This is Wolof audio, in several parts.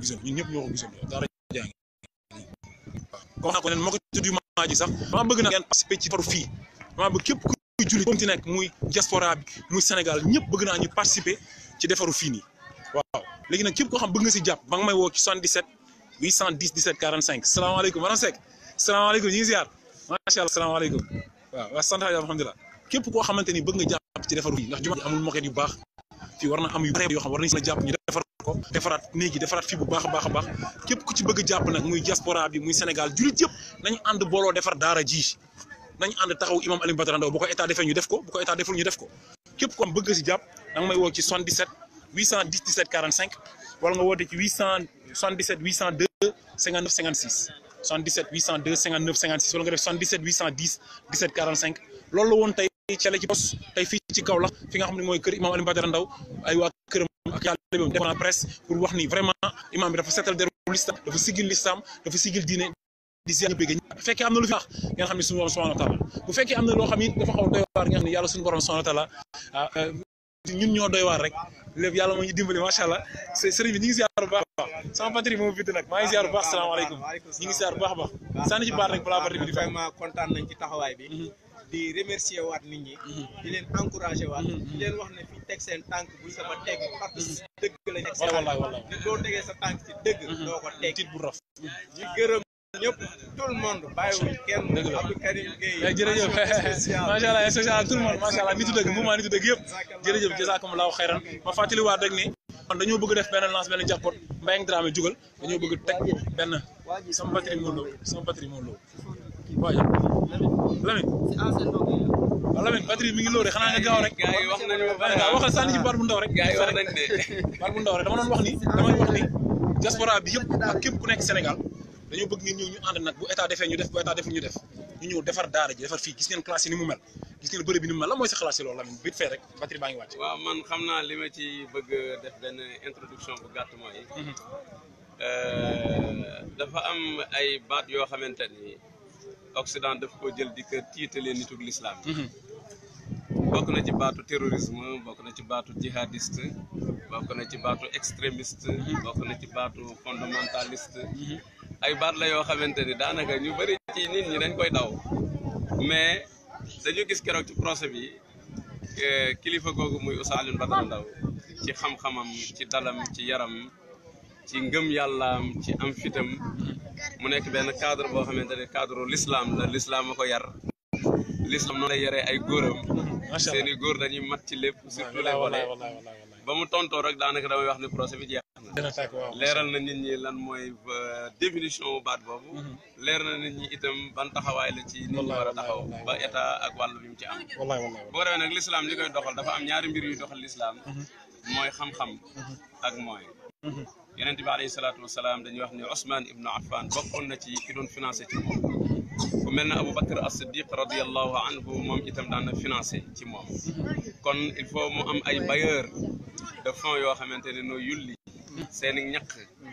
gisee ñun ñëpp ñoo ko wax naa ko nen moo ko tudd maa sax maa bëgg na ngeen participer ci for fii maa képp kuy julli konti nekk muy diaspora bi muy Sénégal ñëpp bëgg naa ñu participer ci defaru fii nii waaw léegi nag képp koo xam bëgg nga si jàpp ba nga may woo ci 77 810 17 45 salaamaaleykum maanaam Seck salaamaaleykum ñu ngi ziar macha allah salaamaaleykum waaw waaw sant alhamdulilah képp koo xamante ni bëgg nga jàpp ci defaru fii ndax jumaa amul moquette yu baax fi warna am yu bari yo xam war nañ la japp ñu defar ko defarat néeg yi defaraat fi bu baaxa baaxa baax kep ku ci bëgg japp nak muy diaspora bi muy senegal jullit yëpp nañu and bolo defar dara ji nañu and taxaw imam ali Badara Ndao bu ko état defee ñu def ko bu ko état deful ñu def ko kep ko am bëgg ci japp nak may wo ci 77 817 45 wala nga woote ci 800 802 59 56 77 802 59 56 wala nga def 77 810 17 45 lolou won tay cale ci pos tey fii ci Kaolack fi nga xam ne mooy kër imaam Alioune Badara Ndaw ay waa këram ak yàlla def na presse pour wax ni vraiment imaam dafa seetal deru lislaam dafa sigil lislaam dafa sigil diine di ziar ñu bëgg bu fekkee am na lu fi nga xam ne suñu borom subhanahu wa bu fekkee am na loo xam ne dafa xaw doy waar nga xam ne yàlla suñu borom subhanahu wa ah, euh, ñun ñoo doy waar rek lépp yàlla moo ñu dimbali macha allah sëriñ bi ñu ngi ziar bu baax a baax sama patrie moom fitt nag maa ngi ziar bu baax a baax di remercier waat nit ñi mhm. di leen encourager waat mhm. leen wax ne teg seen tànk bu sama teg mhm. parce que dëgg la teg sa tànk doo tegee sa tànk dëgg doo bu raf di gërëm ñëpp tout le monde bàyyiwuñ kenn Abdou Karim Gueye eh, jërëjëf macha allah eh, spécial tout le monde macha allah nitu dëgg mouvement nitu dëgg yëpp jërëjëf jazakumullahu xayran ma fàttali waat rek ni kon dañoo bëgg def benn lance benn jàppoot Mbayang Dramé jugal dañoo bëgg teg benn sama patrimoine loo sama patrimoine loo waaw Lamine. waaw Lamine mi ngi lóore xanaa nga gaaw rek. gars wax nañu waaw waxal sànni ci baat bu ndaw rek. gars yi wax baat bu ndaw rek dama doon wax ni damay wax ni diaspora bi yëpp ak képp ku nekk Sénégal dañoo bëgg ngeen ñëw ñu ànd nag bu état defee ñu def bu état deful ñu def ñu ñëw defar daara ji defar fii gis ngeen classe yi ni mu mel gis ngeen bërëb bi ni mu mel la mooy sa xalaat si loolu Lamine vite fait rek batterie baa ngi wàcc. waaw man xam naa li ma ci bëgg def benn introduction bu gàtt mooy mhm. euh, dafa am ay baat yoo xamante ni Occident def ko jël di ko tiitalee nitug l'islam yi mhm. bokk na ci baatu terrorisme bokk na ci baatu jihadiste bokk na ci baatu extrémiste mhm. bokk na ci baatu fondamentaliste mhm. ay baat la yoo xamante ni daanaka ñu bëri ci nit ñi dañ koy daw mais dañu gis keroog ci procès bi eh, kilifa googu muy Oustaz Alioune Badara Ndao ci xam-xamam ci dalam ci yaram ci ngëm yàllaam ci am fitam mu nek ben cadre bo xamanteni cadre l'islam la l'islam ma ko yar l'islam no lay yare ay goram seni gor dañuy mat ci lépp surtout les volets ba mu tonto rek daanaka damay wax ni procès bi jeex na leeral na nit ñi lan moy définition baat bobu leral na nit ñi itam ban taxaway la ci nit ñi wara taxaw ba état ak walu bi mu ci am bo defee nak l'islam li koy doxal dafa am ñaari mbir yu doxal l'islam moy xam-xam ak moy yonent bi alayhi salaatu wa salaam dañuy wax ne Ousmane ibnu Affan bokkoon na ci ki doon financé ci moom ku mel ne Aboubacar as-Siddiq radiyallahu anhu moom itam daan na financé ci moom kon il faut mu am ay bailleurs de fonds yoo xamante ne noo yulli seeni ñaq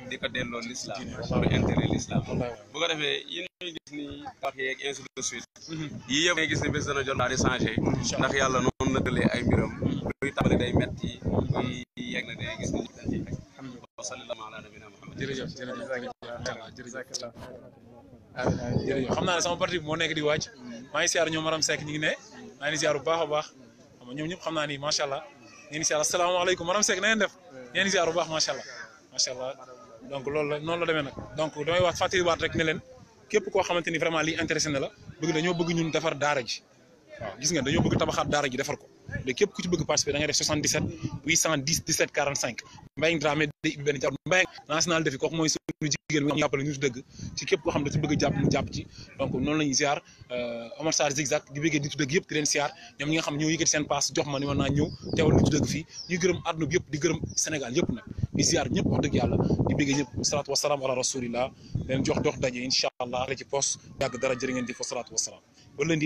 di ko delloo l'islam pour intérêt l'islam bu ko defee yi ñuy gis ni wax yeeg ainsi de suite yi yëpp ngay gis ni bés dana jot daal di changé ndax yàlla noonu la tëlee ay mbiram luy tàmbali day metti luy yegg na day gis ni dañ ciy wa sallallahu ala nabina muhammad jërëjëf xam naa ne sama parti bi moo nekk di wàcc maa ngi siyaar ñoom Maram Seck ñu ngi ne maa ngi siyaar bu baax a baax xam nga ñoom ñëpp xam naa ni macha allah ñu ngi siyaar asalaamaaleykum Maram Seck na def ñu siyaar bu baax macha allah macha allah loolu la noonu la demee nag donc damay wax fàttaliwaat rek ne leen képp koo xamante ni vraiment lii intéressé na la bëgg dañoo bëgg ñun defar daara ji waaw gis nga dañoo bëgg tabaxaat daara ji defar ko mais képp ku ci bëgg participer da ngay def 77 810 17 45 Mbayang Dramé day benn jàpp Mbayang national defi kooku mooy suñu jigéen ñu jàppale ñu dëgg ci képp koo xam ne ci bëgg jàpp mu jàpp ci donc noonu la ñuy ziar euh, Omar Sarr zigzag di bëggee nitu dëgg yëpp di leen ñoom ñi xam ñoo yëkkati seen paas jox ma ni ma naa ñëw teewal nitu dëgg fii ñu gërëm àdduna bi di gërëm Sénégal yëpp nag di ziar ñëpp wax yàlla di bëggee ñëpp salaatu